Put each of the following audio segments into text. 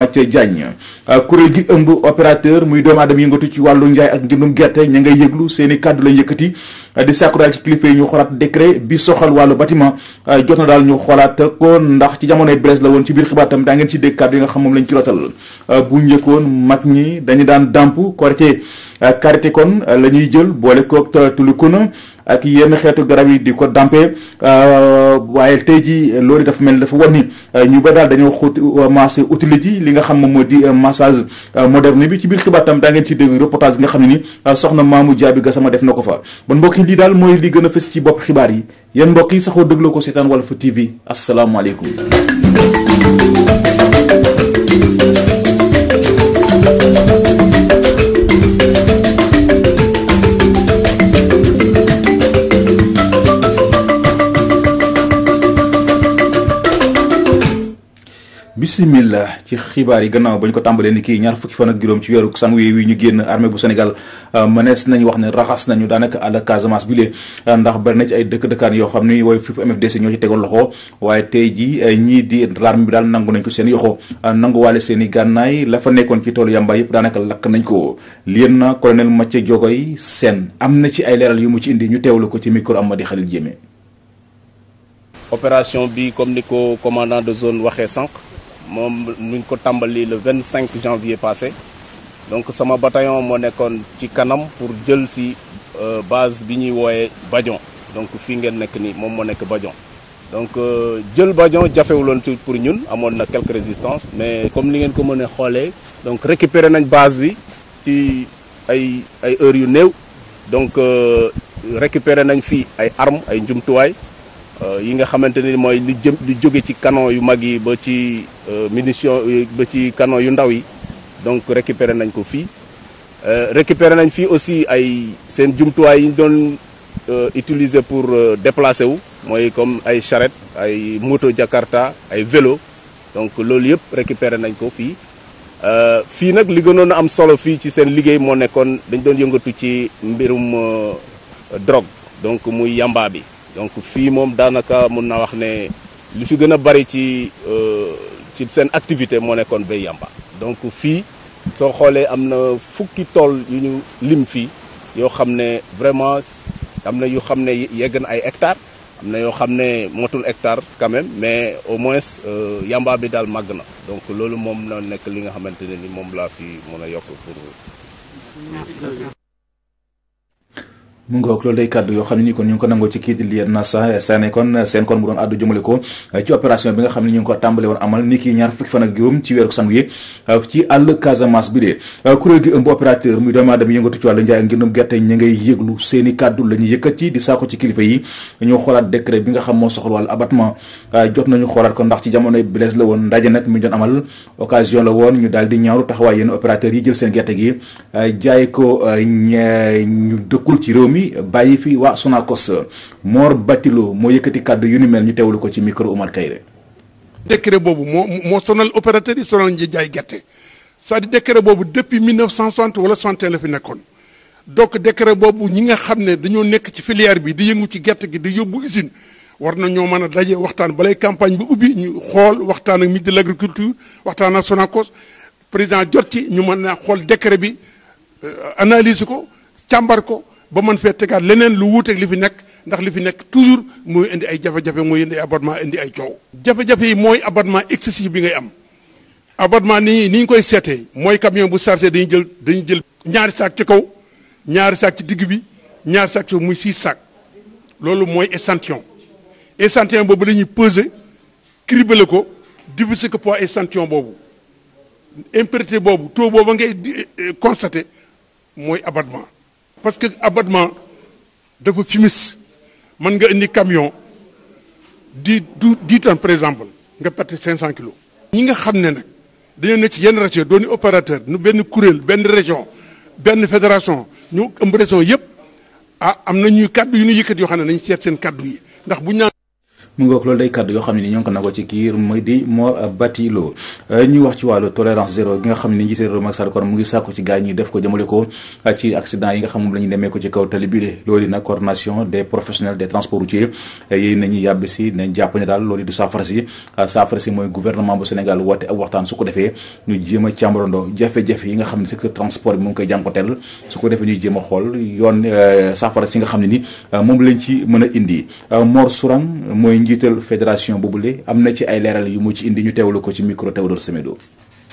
Mathia Diagne euh, kuréel gi ëmb opérateur muy doomu aadama yëngatu ci wàllu njaay ak njëndum gerte ña ngay yëglu seen i kàddu lañ yëkkati euh, di sàkku daal ci kilifa yi ñu xoolaat décret bi soxal wàllu bâtiment euh, jot na daal ñu xoolaat ko ndax ci jamonoy Blaise la woon ci biir xibaatam daa ngeen ci dégg kàddu yi nga xam moom lañ ci rotal bu njëkkoon mag ñi dañu daan dàmp korité karité kon la ñuy jël boole koog tullu kon ak yenn xeetu garab yi di ko dampe euh, waaye tey ji loolu dafa mel dafa war ni euh, ñu ba daal dañoo xóot euh, massé utile ji li nga xam moom moo di massage moderne bi ci biir xibaar tam daa ngeen ci dégg reportage nga xam ne ni soxna Mamou Diaby Gassama def na ko fa bon mbokk yi lii daal mooy li gën a fës ci bopp xibaar yi yéen mbokk yi saxoo dégloo ko seetaan Walf TV asalaamaaleykum bisimilah ci xibaar yi gannaaw ba ñu ko tàmbalee ni kii ñaar fukki fan ak juróom ci weeru sanwiye wi ñu génn armée bu Sénégal euh, mënees nañu wax ne raxas nañu daanaka àll Casamance bi lee euh, ndax bari na ci ay dëkk-dëkkaan yoo xam ni wooy fipp MFDC ñoo ci tegoon loxo waaye tey ji euh, ñii di l'armée bi daal nangu nañ ko seen yoxo nanguwaale seen i gànnaay la fa nekkoon ci toolu yàmbaay yëpp daanaka lakk nañ ko lien na colonel Mathieu Diogoy Sène am na ci ay leeral yu mu ci indi ñu teewlu ko ci micro Amady Khalil Diémé opération bi comme ni ko commandant de zone moom nuñ ko tàmbali le vingt cinq janvier passé donc sama batayon moo nekkoon ci kanam pour jël si euh, base bi ñuy wooyee Badion donc fii ngeen nekk nii moom moo nekk bajon donc euh, jël Badion jafewuloon ci pour ñun amoon na quelques résistance mais comme ni ngeen ko mën a xoolee donc récupérer nañ base bi ci ay ay heures yu néew donc euh, récupérer nañ fii ay armes ay njumtuwaay Euh, yi nga xamante ni mooy li jëm li jóge ci canon yu mag yi ba ci euh, munition euh, ba ci canon yu ndaw yi donc récupéré nañ ko fii récupéré nañ fii aussi ay seen jumtuwaay yi ñu doon utiliser pour déplacer wu mooy comme ay charrette ay moto jakarta ay vélo donc loolu yëpp récupéré nañ ko fii fii nag li gënoon a am solo fii ci seen liggéey moo nekkoon dañ doon yëngatu ci mbirum drogue donc muy yamba bi donc fii moom daanaka mun na wax ne lu fi gën a bari ci euh, ci seen activité moo nekkoon bay yamba donc fii soo xoolee am na fukki tool yu ñu lim fii yoo xam ne vraiment am na yu xam ne yegg na ay hectares am na yoo xam ne motul hectare quand mais au moins euh, yamba bi daal màgg na donc loolu moom na nekk li nga xamante ne ni moom laa fi mun a yokk pour mu ngoog loolu day kàddu yoo xam ne ñu ngi ko nangoo ci kii di Lieu Nassa Sané kon seen kon mu doon àddu jëmale ko eh, ci opération bi nga xam ne ñu ngi ko tàmbale woon amal ni kii ñaar fukki fan ak juróom ci weeru sanwiye eh, ci àll Casamance bi dee eh, kuréel gi ëmb opérateur muy doomu aadama yëngatu ci wàllu njaay ak ngirnum gerte ñi ngay yëglu seeni kàddu la saako ci kilifa yi ñoo xoolaat bi nga xam moo soxla wàllu abattement jot nañu xoolaat ko ndax ci jamonoy Blaise la woon ndaje nag mi doon amal occasion la woon ñu daal di ñaawlu taxawaay yenn opérateur yi jël seen gerte gi jaay ko ñu dëkkul ci rée mi mi bàyyi fi waa Sonacos Mor Batilo moo yëkkati kàddu yu ni mel ñu teewlu ko ci micro Omar Kayre. décret boobu moo moo sonal opérateur yi sonal ñi jaay gerte c'est-à-dire décret boobu depuis 1960 wala 61 la fi nekkoon donc décret boobu ñi nga xam ne dañoo nekk ci filière bi di yëngu ci gerte gi di yóbbu usine war na ñoo mën a daje waxtaan balay campagne bi ubbi ñu xool waxtaan ak ministre de l'agriculture waxtaan ak Sonacos président jot ci ñu mën naa xool décret bi euh, ba man fee tegaat leneen lu wuuteeg li fi nekk ndax li fi nekk toujours muy indi ay jafe-jafe muy indi ay indi ay coow. jafe-jafe yi mooy abattement excessif bi ngay am abattement ni ni ñu koy seetee mooy camion bu chargé dañu jël dañu jël ñaari saak ci kaw ñaari saak ci digg bi ñaari saak ci muy six saak loolu mooy échantillon échantillon boobu lañuy ñuy peser ko diviser ko poids échantillon boobu impureté boobu taux boobu ngay eh, constaté mooy abattement. parce que abattement dafa fumis man nga indi camion di du dix tonnes par exemple nga perte cinq cent kilos. ñi nga xam ne nag dañoo ne ci yenn rajo dooni opérateur nu benn kuréel benn région benn fédération ñu ëmb région yëpp ah am na ñuy kaddu yu ñu yëkkat yoo xam ne nañ seet seen kaddu yi ndax bu ñu mu ngi wax loolu day kàddu yoo xam ne ni ñoo ngi ko nangoo ci kiir mu di Mor Bati Lo ñuy wax ci wàllu tolérance zéro gi nga xam ne ni njiité a càmbarandoo jafe yoon euh, saafara si nga xam ne ni euh, moom lañ ci mën a indi euh, Mor Sourang mooy njiital fédération boobule am na ci ay leeral yu mu indi ñu teewlu ko ci micro Théodore Semedo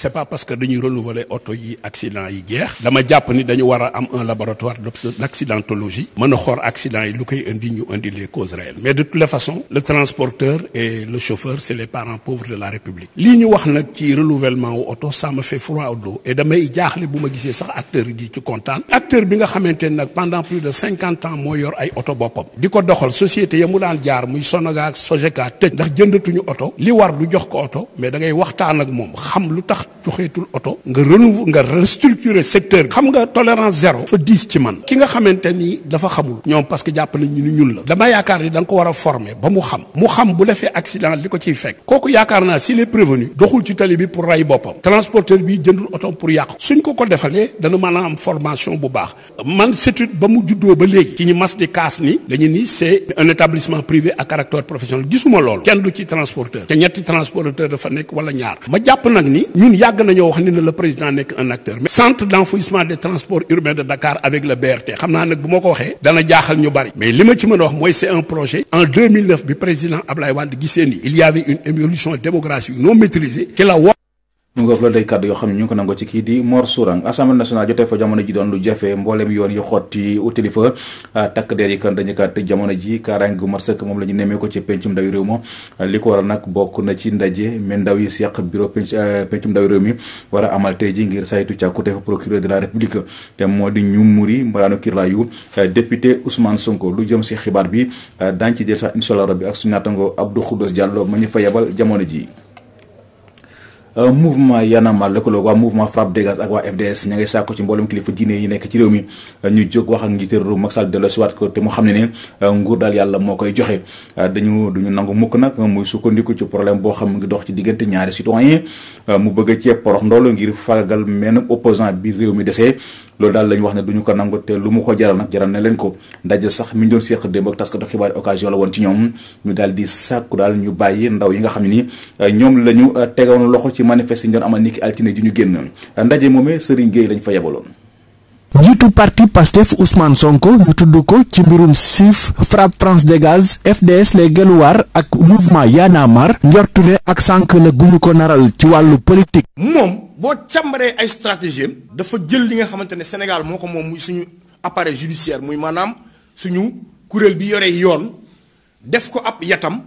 c'est pas parce que dañuy renouveler oto yi accident yi jeex dama jàpp ni dañu war a am un laboratoire d'accidentologie mën a xool accident yi lu koy indi ñu indi les causes réelles mais de toutes les façons le transporteur et le chauffeur c'est les parents pauvres de la République lii ñu wax nag ci renouvellement wu oto sama me fait froid au dos et damay jaaxle bu ma gisee sax acteur yi di ci kontaan acteur bi nga xamante ne nag pendant plus de cinquante ans moo yor boppam di ko doxal société ya mu daan jaar muy Sonaga ak Sogeka tëj ndax jëndatuñu oto li war du jox ko oto mais da ngay waxtaan ak moom xam lu tax joxeetul oto nga renouveau nga restructurer secteur xam nga tolérance zéro fa diis ci man ki nga xamante ni dafa xamul ñoom parce que jàpp nañ ñu ni ñun la dama yaakaar ni da nga ko war a former ba mu xam mu xam bu defee accident li ko ciy fekk kooku yaakaar naa s'il est prévenu doxul ci tali bi pour rey boppam transporteur bi jëndul oto pour yàqu suñ ko ko defalee dana man a am formation bu baax man CETUD ba mu juddoo ba léegi ci ñu mas di kaas ni dañu ni c'est un établissement privé à caractère professionnel gisuma loolu kenn du ci transporteur te ñetti transporteur dafa nekk wala ñaar ma jàpp nag ni yàgg nañoo wax ni ne le président nekk un acteur mais centre d'enfouissement des transports urbains de Dakar avec le BRT xam naa nag bu ko waxee dana jaaxal ñu bari mais li ma ci wax mooy c'est un projet en bi président Ablaye Wade gisee ni il y avait une évolution démographique non maîtrisée ki la mu ngoog loolu day kàddu yoo xam ne ñu ngi ko nangoo ci kii di Mor Sourang assemblée nationale jotee fa jamono ji doon lu jafe mbooleem yoon yu xotti utili fa ah, takk der yi kan dañu kat jamono ji kaaraange gu mat moom la ñu nemmee ko ci pencum ndawi réew ma li ko bokk na ci ndaje mi ndaw yi seq bureau eh, pencum ndawi réew mi war a amal tey ji ngir saytu ku càkkute fa procureur de la république te moo di ñu muri mbalaanu kirlaayu eh, député Ousmane sunko lu jëm si xibaar bi eh, daañ ci jël sax incha allah rabbi ak suñu naatango Abdou Khoudous Diallo ma fa yebal jamono ji Euh, mouvement Y'en a marre lëkkaloog waa mouvement FRAPP dégage ak waa FDS ña ngay sàkku ci mboolem kilifa diine yi nekk ci réew mi euh, ñu jóg wax ak njiitu réew Macky Sall delloosiwaat ko te mu xam ne ne euh, nguur daal yàlla moo koy joxe dañu duñu nangu mukk nag muy sukkandiku ci problème boo xam ngi dox ci diggante ñaari citoyen mu bëgg a ceeb porox ndoolu ngir fagagal menn opposant bi réew mi desee loolu daal la wax ne du ko nangu te lu mu ko jaral nag jaral ne leen ko ndaje sax mi ñu doon séq démb ak taskatu xibaar occasion la woon ci ñoom ñu daal di sàkku daal ñu bàyyi ndaw yi nga xam ne ni euh, ñoom la ñu euh, tegoon loxo ci manifeste yi ñu doon amal niki altine ji ñu génn ndaje moomee Serigne Gueye lañ fa yebaloon njiitu parti Pastef Ousmane Sonko ñu tudd ko ci mbirum siif frappe France Dégage FDS les Guelwaar ak mouvement Y'en a marre njortu ne ak sànq la guñu ko naral ci wàllu politique moom boo càmbaree ay stratégie dafa jël li nga xamante ne Sénégal moo ko moom muy suñu appareil judiciaire muy maanaam suñu kuréel bi yore yoon def ko ab yatam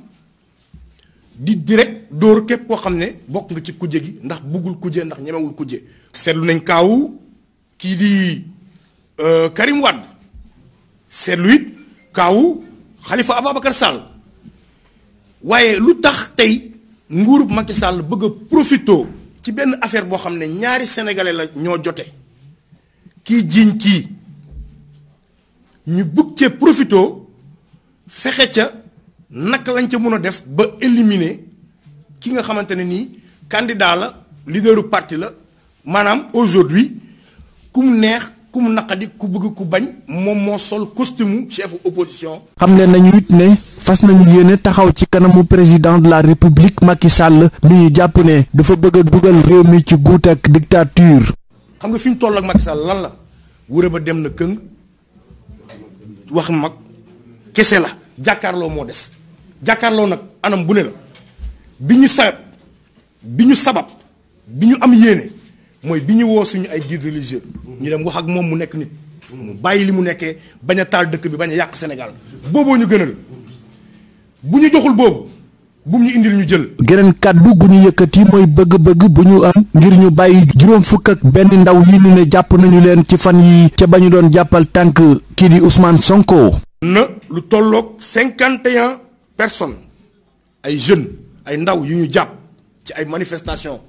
di direk dóor képp koo xam ne bokk nga ci kuje gi ndax buggul kujje ndax ñemewul kujje seetlu nañ kaawu kii di euh, Karim Wade seetlu it kaawu Khalifa Ababacar Sall waaye lu tax tey nguurub Macky sàll bëgg a profitoo ci benn affaire boo xam ne ñaari sénégalais la ñoo jote kii jiiñ kii ñu bugg cee profito fexe ca naka lañ ca mën a def ba éliminer ki nga xamante ne nii candidat la leaderu parti la maanaam aujourd'hui ku mu neex ku mu naqadi ku bëgg ku bañ moom moo sol costume chefu opposition. xam leen nañu it ne. fas nañu yéene taxaw ci kanamu président de la république Macky Sall mi ñu jàpp ne dafa bëgg a dugal réew mi ci guut ak dictature. xam nga fi ñu toll ak Macky Sall lan la wure ba dem na këng wax mag kese la jàkkaarloo moo des jàkkaarloo nag anam bu ne la bi ñu sabab bi ñu sabab bi ñu am yéene mooy bi ñu woo suñu ay guide religieux ñu dem wax ak moom mu nekk nit mu bàyyi li mu nekkee bañ a taal dëkk bi bañ a yàq Sénégal booboo ñu gënal bu ñu joxul boobu bu ñu indil ñu jël. geneen kàddu gu ñu yëkkati mooy bëgg-bëgg bu ñu am ngir ñu bàyyi juróom fukk ak benn ndaw yi ñu ne jàpp nañu leen ci fan yi ca ba ñu doon jàppal tànk kii di Ousmane Sonko. na lu tollook cinquante et un personnes ay jeunes ay ndaw yu ñu jàpp ci ay manifestations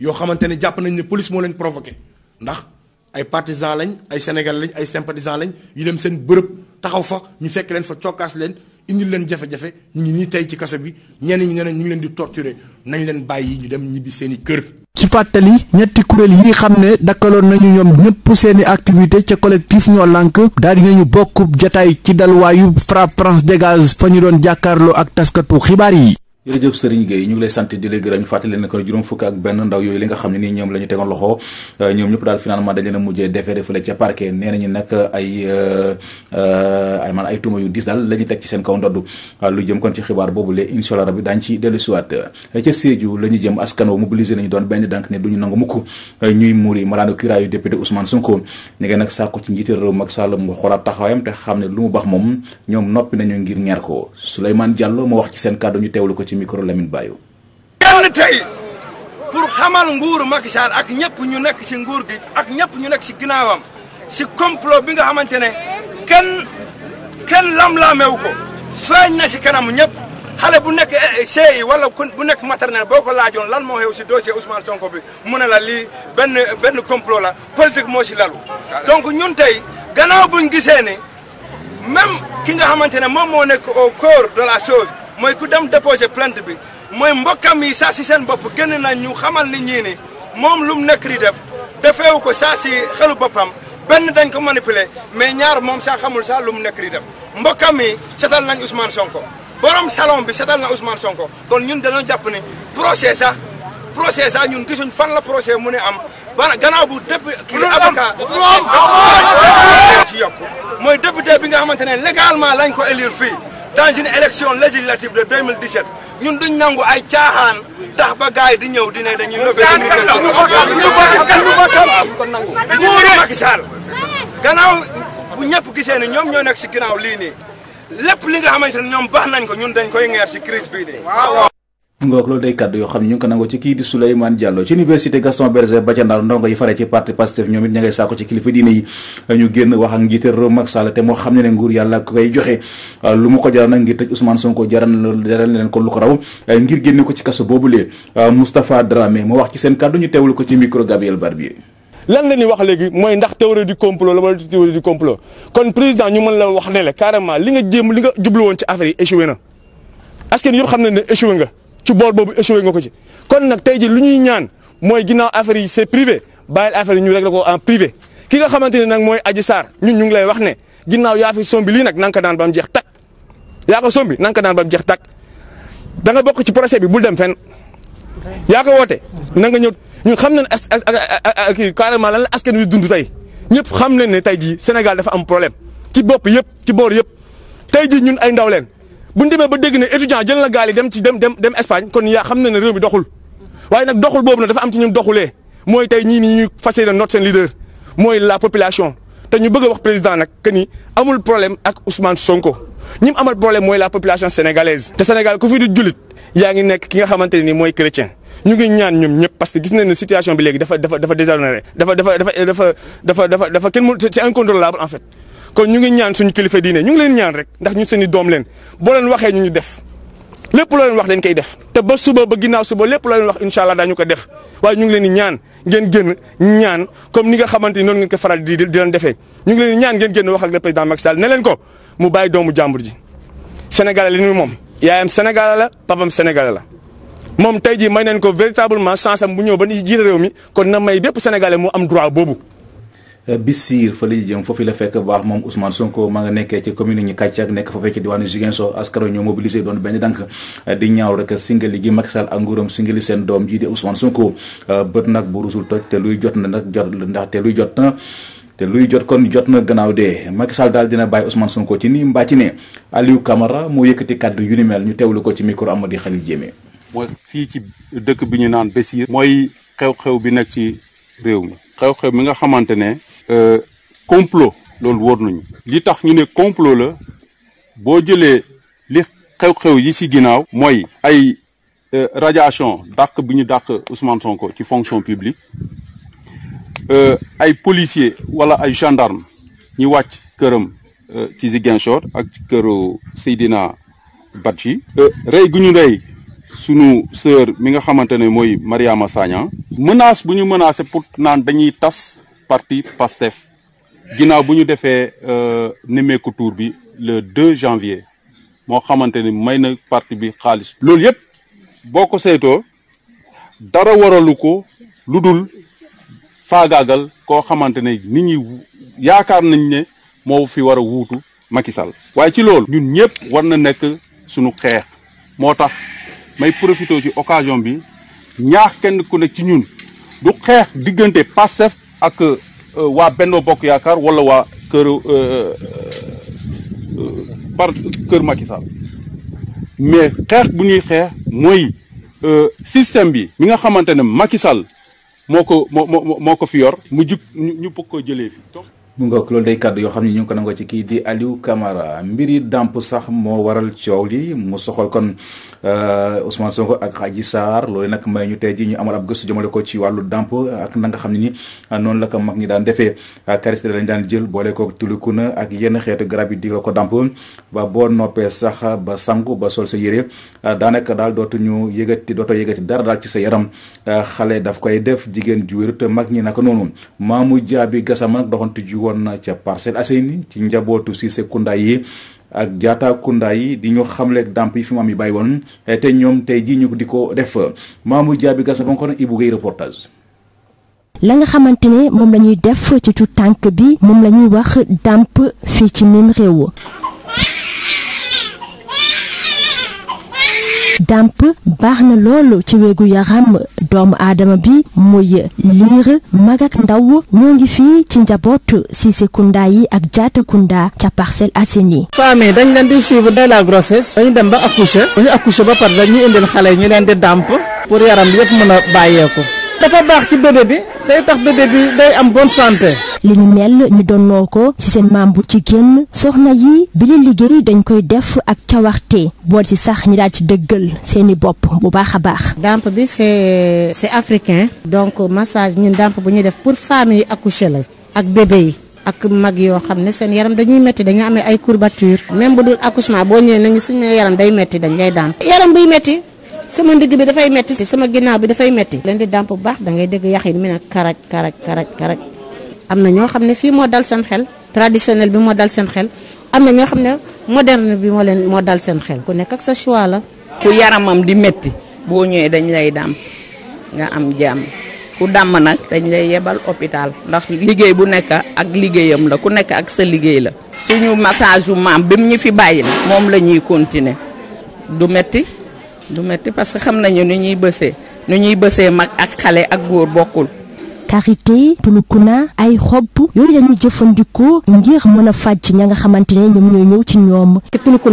yoo xamante ne jàpp nañ ne police moo leen provoqué ndax ay partisans lañ ay Sénégal lañ ay sympathisants lañ yu dem seen bërëb taxaw fa ñu fekk leen fa cokkaas leen. indil leen jafe-jafe ñu ngi nii tey ci kaso bi ñeneen ñi ne ñu ngi leen di torturer nañ leen bàyyi ñu dem ñibbi seen i kër. ci fàttali ñetti kuréel yi xam ne dakkaloon nañu ñoom ñëpp seeni activité ca collectif ñoo lànk daal dinañu bokk jotaay ci dalwaayu FRAPP France Dégage fa ñu doon jàkkaarloo ak taskatu xibaar yi. jërëjëf Serigne Gueye ñu ngi lay sant di la gërëm ñu fàttali leen ko juróom fukk ak benn ndaw yooyu li nga xam euh, a mujjee déféré fële euh, yu diis daal la ñu teg ci seen kaw ndodd lu jëm kon ci xibaar boobu lee incha allah rabbi daañu ci dellu siwaat euh, ca Sédhiou la ñu jëm askan wa mobilisé nañu doon benn dànk ne duñu nangu mukk ñuy muuri malaanu kiraayu député Ousmane Sonko ñu ngi nag sàkku ci njiitu réew Macky Sall mu xoolaat taxawaayam te xam ne lu mu baax moom ñoom noppi nañu ngir ñeer ko Souleymane Diallo moo wax ci seen kàddu ñu teewlu ko ci micro Lamine Bayo. kenn tey pour xamal nguuru Macky ak ñëpp ñu nekk si nguur gi ak ñëpp ñu nekk si ginnaawam si complot bi nga xamante ne kenn kenn lam-laameewu ko feeñ na si kanamu ñëpp xale bu nekk CI eh, eh, wala bu nekk maternelle boo ko laajoon lan moo xew si dossier Ousmane Sonko bi mu ne la lii benn benn complot la politique moo si lalu donc ñun tey gannaaw buñ gisee ni même ki nga xamante ne moom moo nekk au cœur de la chose mooy ku dem déposé plainte bi mooy mbokkam yi saa si seen bopp génn nañ ñu xamal ni ñii ni moom lu mu nekk di def wu ko saa si xelu boppam benn dañ ko manipuler mais ñaar moom saa xamul sa lu mu nekk di def mbokkam yi setal nañ Ousmane Sonko borom salon bi setal na Ousmane Sonko kon ñun dañoo jàpp ni procès sax procès sax ñun gisuñ fan la procès mu ne am ba gannaaw bu député kii avocat ci yokk mooy député bi nga xamante ne légalement lañ ko élire fii dans une élection législative de 2017 ñun duñ nangu ay caaxaan tax ba gars yi di ñëw di ne dañuy nëbbee nguuru Macky Sall gannaaw bu ñëpp gisee ni ñoom ñoo nekk si ginnaaw lii nii lépp li nga xamante ne ñoom baax nañ ko ñun dañ koy ngeer si crise bii nii mu nga wax loolu day kàddu yoo xam ne ñu ngi nangoo ci kii di Souleymane Diallo ci université Gaston Berger ba ca Ndar ndongo ci parti Pastef ñoom it ña ngay sàkku ci kilifa diine yi ñu génn wax ak njiite réew Macky te moo xam ne ne nguur yàlla ku koy joxe lu mu ko jaral nag ngir tëj Ousmane Sonko jaral jaral leen ko lu ko raw ngir génne ko ci kaso boobulee Moustapha Dramé moo wax ci seen kàddu ñu teewlu ko ci micro Gabriel Barbier lan la ñuy wax léegi mooy ndax théorie du complot la wala théorie du complot kon li nga li nga woon ci affaire yi échoué ci boor boobu échoué nga ko ci kon nag tey ji lu ñuy ñaan mooy ginnaaw affaire yi c'est privé bàyyil affaire ñu ñu réglé ko en privé ki nga xamante ne nag mooy Adji Sarr ñun ñu ngi lay wax ne ginnaaw yaa fi sombi lii nag na nga ko daan ba mu tak yaa ko sombi na nga ko daan ba mu jeex tak da nga bokk ci procès bi bul dem fen yaa ko woote na nga ñëw ñun xam nañ ne carrément lan la askan wi dund tey ñëpp xam nañ ne tey jii Sénégal dafa am problème ci bopp yëpp ci boor yëpp tey jii ñun ay ndaw bu ñu demee ba dégg ne étudiant jël na gaal dem ci dem dem dem Espagne kon yaa xam na ne réew mi doxul waaye nag doxul boobu na dafa am ci ñun doxulee mooy tey ñii nii ñuy fas yéene noot seen leader mooy la population. te ñu bëgg wax président nag que ni amul problème ak Ousmane Sonko ñi mu amal problème mooy la population sénégalaise. te Sénégal ku fi di jullit yaa ngi nekk ki nga xamante ne ni mooy chrétien ñu ngi ñaan ñoom ñëpp parce que gis nañ ne situation bi léegi dafa dafa dafa désordonné dafa dafa dafa dafa dafa dafa kenn mu c'est incontrôlable en fait. kon ñu ngi ñaan suñu kilifa diine ñu ngi leen ñaan rek ndax ñu seeni doom leen boo leen waxee ñu ñu def lépp loo leen wax dañ koy def te ba suba ba ginnaaw suba lépp loo leen wax incha allah daañu ko def waaye ñu ngi leen di ñaan ngeen génn ñaan comme ni nga xamante ni noonu ngeen ko faral di di leen defee ñu ngi leen ñaan ngeen génn wax ak le président Macky Sall ne leen ko mu bàyyi doomu jàmbur ji Sénégal li moom yaayam Sénégal la papam Sénégal la moom tey jii may nañ ko véritablement chance am ñëw ba ni jiite réew mi kon na may bépp sénégalais mu am droit boobu Bissir fa la ñu jëm foofu la fekk baax moom Ousmane Sonko ma nga nekkee ci commune ñu kàcceeg nekk foofee ci diwaanu Ziguinchor askaro ñoo mobilisé doon benn dànk eh, di ñaaw rek singali gi Macky ak nguuram singali seen doom ji di Ousmane Sonko eh, bët nag bu rusul toj te luy jot na nag jot ndax te luy jot na te luy jot kon jot na gannaaw dee Macky Sall dina bàyyi Ousmane Sonko ci nii mbaa ci ne Aliou Camara moo yëkkati kaddu yu ni mel ñu teewlu ko ci micro Amady Khalil Diémé. mooy fii bi ñu naan Bessir. mooy xew-xew bi nekk ci réew Euh, complot loolu wóor nañu li tax ñu ne complot la boo jëlee li xew-xew yi ci ginnaaw mooy ay euh, radiation dàq bi ñu dàq Ousmane Sonko ci fonction publique euh, ay policier wala ay gendarme ñi wàcc këram ci Ziguinchor ak këru Seydina Badji rey gu ñu rey sunu sœur mi nga xamante ne mooy Mariama Sagna menace bu ñu menacé pour naan dañuy tas parti PASTEF ginnaaw bu ñu defee euh, nemmeeku tour bi le 2 janvier moo xamante ni may na parti bi xaalis loolu yëpp boo ko saytoo dara waralu ko lu dul faagaagal koo xamante ne nit ñi yaakaar nañ ne moo fi war a wuutu makisal waaye ci loolu ñun ñëpp war na nekk suñu xeex moo tax may profité ci occasion bi ñaax kenn ku nekk ci ñun du xeex diggante Pastef ak euh, waa Benno Bokk Yaakaar wala waa kër euh, euh, par kër Macky Sall mais xeex bu ñuy xeex mooy système bi mi nga xamante ne Macky Sall moo ko moo moo ko fi yor mu jub ñu bëgg koo jëlee fi mu ngoog loolu day kàddu yoo xam ne ñu ngi ko nangoo ci kii di Aliou mbir mbiri dàmp sax moo waral coow li mu soxal kon Euh, Ousmane Sonko ak Adji Sarr loolu nag may ñu tey ji ñu amal ab gëstu jëmale ko ci wàllu damp ak na nga xam ne ni ah, noonu la ko mag ñi daan defee karité ah, lañ daan jël boole ko na ak yenn xeetu garab yi di la ko damp ba boo noppee sax ba sangu ba sol sa yére ah, daanaka daal dootuñu yëgati dootoo yëgati dara daal ci sa yaram xale daf koy def jigéen ju wéru te mag ñi naka noonu maamu jaabi gasama nag doxantu ji woon na ca Parcelles Assainies ci njabootu si sekunda yi ak Diatakunda yi di ñu xamleeg damp yi fi maam yi bàyyi woon eh, te ñoom tey jii ñu di ko def Mamour Diaby Gassa Konkone Ibou Guèye reportage. la nga xamante ne moom lañuy def ci tout tànk bi moom la ñuy wax damp fii ci même réew. dàmp baax na lool ci wéegu yaram doomu aadama bi muy liir mag ak ndaw ñoo ngi fii ci njaboot Cissé Kounda yi ak Diatta Kounda ca Parcelles Assainies. femmes yi dañ leen di suivre dès la grossesse. dañu dem ba accoucher. bu ñu accoucher ba pare dañuy indil xale ñu leen di dàmp pour yaram bi yëpp mën a bàyyeeku. dafa baax ci bébé bi day tax bébé bi day am bonne santé. li ñu mel ñu donnoo ko ci seen maam bu ci génn soxna yi bi li liggéey dañ koy def ak cawarte bool ci sax ñi daal ci dëggal seeni bopp bu baax a baax. damp bi c'est c'est africain. donc massage ñun damp bu ñuy def pour femmes yi accouché la ak bébé yi. ak mag yoo xam ne seen yaram dañuy metti dañuy amee ay courbature même bu dul accouchement boo ñëwee nañu suñu yaram day metti dañ lay daan yaram buy metti sama ndigg bi dafay metti sama ginnaaw bi dafay metti leen di bu baax da ngay dégg yax yi mu ne karaj karaj karaj karaj am na ñoo xam ne fii moo dal seen xel traditionnel bi moo dal seen xel am na ñoo xam ne moderne bi moo leen moo dal seen xel ku nekk ak sa choix la. ku yaramam di métti boo ñëwee dañ lay dàmm nga am jàmm ku dàmm nag dañ lay yebal hôpital ndax liggéey bu nekk ak liggéeyam la ku nekk ak sa liggéey la. suñu massage yu maam bi mu ñu fi bàyyi la moom la ñuy continuer du métti du métti parce que xam nañu nu ñuy bësee nu ñuy bësee mag ak xale ak góor bokkul. karité tulukuna ay xob yooyu dañuy jëfandikoo ngir mën a faj ña nga xamante ne mu ñooy ñëw ci ñoom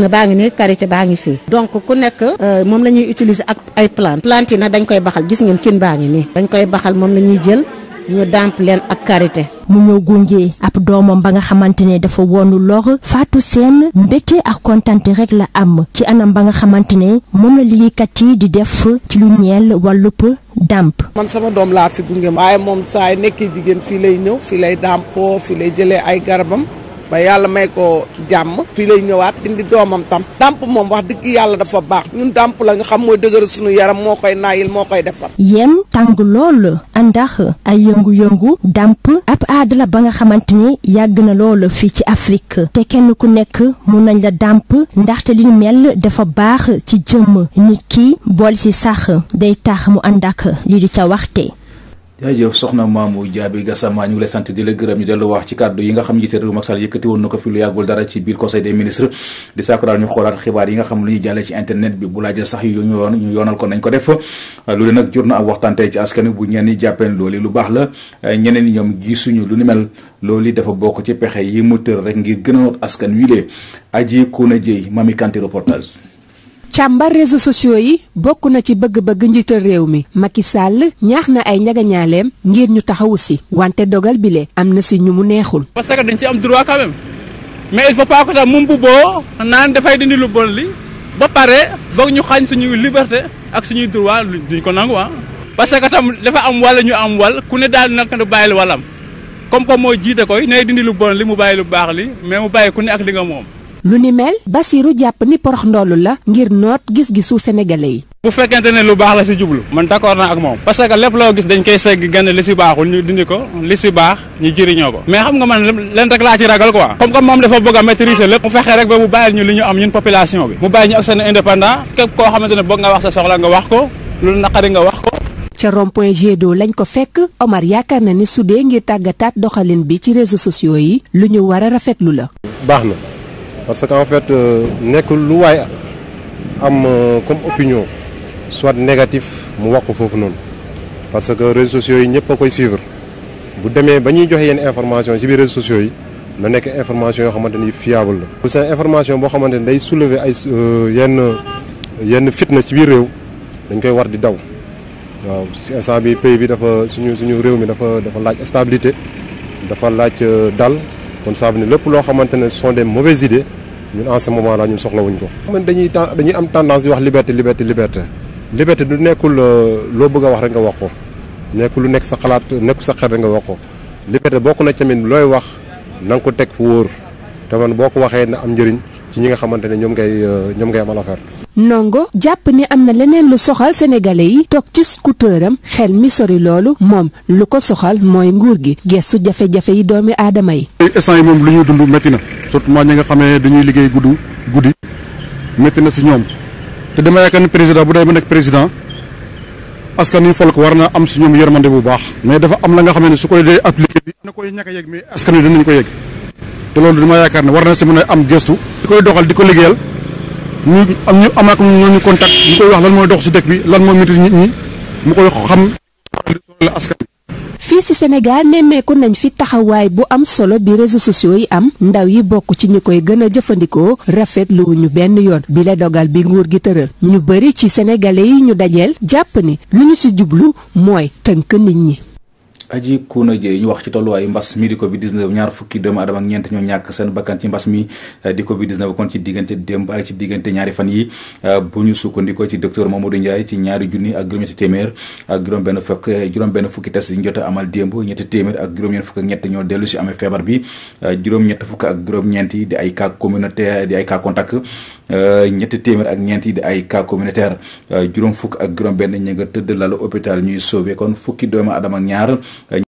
na baa ngi ne karité baa ngi fii donc ku nekk euh, moom la ñuy utiliser ak ay plante plante yi nag dañ koy baxal gis ngeen kin baa ngi nii dañ koy baxal moom la ñuy jël ñu dàmp leen ak karité mu ñëw gunge ab doomam ba nga xamante ne dafa woonu lor Fatou Sène mbégte ak kontante rek la am ci anam ba nga xamante ne moom la liggéeykat yi di def ci lu ñeel wàllup dàmp man sama doom laa fi gunge waaye moom saa yi nekkee jigéen fii lay ñëw fii lay dàmpoo fii lay jëlee ay garabam ba yàlla may ko jàmm fii lay ñëwaat indi doomam tam dàmp moom wax dëgg yàlla dafa baax ñun dàmp la nga xam mooy dëgër sunu yaram moo koy naayil moo koy defar yéen tàng lool ndax ay yëngu-yëngu dàmp ab aadala ba nga xamante ni yàgg na lool fii ci Afrique te kenn ku nekk mun nañ la dàmp ndaxte li mel dafa baax ci jëmm nit ki bool ci sax day tax mu ànd ak li di ca waxte jaajëf soxna Mamou Diaby Gassama ñu ngi lay sant di la gërëm ñu dellu wax ci kàddu yi nga xam njiite réew Macky Sall yëkkati woon na ko fi lu yàggul dara ci biir conseil des ministres di sakuraal ñu xoolaat xibaar yi nga xam lu ñuy jàllee ci internet bi bu laajee sax yu ñu yoonal ko nañ ko def loolu nag jur na ab waxtaan tey ci askan bu ñenn ñi jàppeen loolu lu baax la ñeneen ñi ñoom gisuñu lu ni mel loolu dafa bokk ci pexe yi mu tër rek ngir gën a askan wi lee aji ku na jéy Mami Kanté reportage càmbar réseaux sociaux yi bokk na ci bëgg-bëgg njiital réew mi Macky Sall ñaax na ay njagañaaleem ngir ñu taxawu si wante dogal bile am na si ñu mu neexul. parce que dañ ci am droit quand même mais il faut pas tam moom bu boo. naan dafay dindi lu bon li ba pare boog ñu xañ suñuy liberté ak suñuy droit duñ ko nangu ah. parce que tam dafa am wala ñu am wal ku ne daal na nag du bàyyil walam comme que moo jiite koy ne dindi lu bon li mu bàyyi lu baax li mais mu bàyyi ne ak li moom. lu ni mel Basiru jàpp ni porox ndoll la ngir noot gis-gisu sénégalais yi. bu fekkente ne lu baax la si jublu man d'accord naa ak moom parce que lépp loo gis dañ koy segg gën li si baaxul ñu dindi ko li si baax ñu jëriñoo ko mais xam nga man leen rek laa ci ragal quoi comme comme moom dafa bëgg a maîtriser lépp mu fexe rek ba mu bàyyil li ñu am ñun population bi mu bàyyi ñu ak seen indépendant képp koo xamante ne bëgg nga wax sa soxla nga wax ko lu naqari nga wax ko ca rond-point lañ ko fekk Omar yaakaar na ni sudee ngir tàggataat doxalin bi ci réseaux sociaux yi lu ñu war a rafetlu la baax na parce que en fait euh, nekk lu waay am euh, comme opinion soit négatif mu wax ko foofu noonu parce que réseaux sociaux yi ñëpp a koy suivre bu demee ba ñuy joxe yenn information ci biir réseaux sociaux yi na nekk information yoo xamante ni fiable la. bu seen information boo xamante ni day soulever euh, yenn yenn fitna ci biir réew dañ koy war di daw waaw si instant bi pays bi dafa suñu suñu réew mi dafa dafa laaj stabilité dafa laaj dal. kon ça veut lépp loo xamante ne ce sont des mauvaises idées ñun en ce moment là ñun soxlawuñ ko. man dañuy dañuy am tendance di wax liberté liberté liberté liberté du nekkul euh, loo bëgg a wax rek nga wax ko nekkul lu nekk sa xalaat nekkul sa xel rek nga wax ko liberté bokk na tamit looy wax na nga ko teg fu wóor te man boo ko waxee na am njëriñ. ci ñi nga xamante ne ñoom ngay euh, ñoom ngay amal affaire. Ndongo jàpp ni am na leneen lu soxal sénégalais yi toog ci scooter am xel mi sori loolu moom lu ko soxal mooy nguur gi gestu jafe-jafe yi doomi aadama yi. instant yi moom lu ñuy dund métti na surtout ñi nga xamee ñuy liggéey gudd guddi métti na si ñoom te dama yaakaar ni président bu dee ba nekk président. askan wi fol ko war na am si ñoom yaramande bu baax mais dafa am la nga xam ne su ko dee appliqué bi na koy ñàkk a yëg mais ko yëg te loolu dama yaakaar ne war na si mën a am gëstu. di koy doxal di ko liggéeyal ñu am na am ak ñoo contact ñu koy wax lan mooy dox si dëkk bi lan mooy métti nit ñi mu koy xam fii ci Sénégal nemmeeku nañ fi taxawaay bu am solo bi réseaux sociaux yi am ndaw yi bokk ci ñu koy gën a jëfandikoo rafetlu ñu benn yoon bila dogal bi nguur gi tëral ñu bari ci sénégalais yi ñu dajeel jàpp ni lu ñu ci jublu mooy tënk nit ñi. Aji Kouna Dieye ñu wax ci tolluwaayu mbas mi di Covid 19 ñaar fukki doomu adama ak ñeent ñoo ñàkk seen bakkan ci mbas mi eh, di Covid 19 kon ci diggante démb ak ci diggante ñaari fan yi eh, bu ñu sukkandikoo ci docteur Mamadou Ndiaye ci ñaari junni ak juróom-ñetti téeméer ak juróom-benn fukk eh, benn fukki test yi ñu jot a amal démb ñetti téeméer ak juróom-ñeent ñett ñoo dellu si amee feebar bi juróom-ñett fukk ak juróom-ñeent yi di ay cas communautaire di ay cas contact Euh, ñetti téeméer ak ñeent yi di ay ka communautaire euh, juróom fukk ak juróom benn ñi tëdd lalu hôpital ñuy sauvé kon fukki doomu adama ak ñaar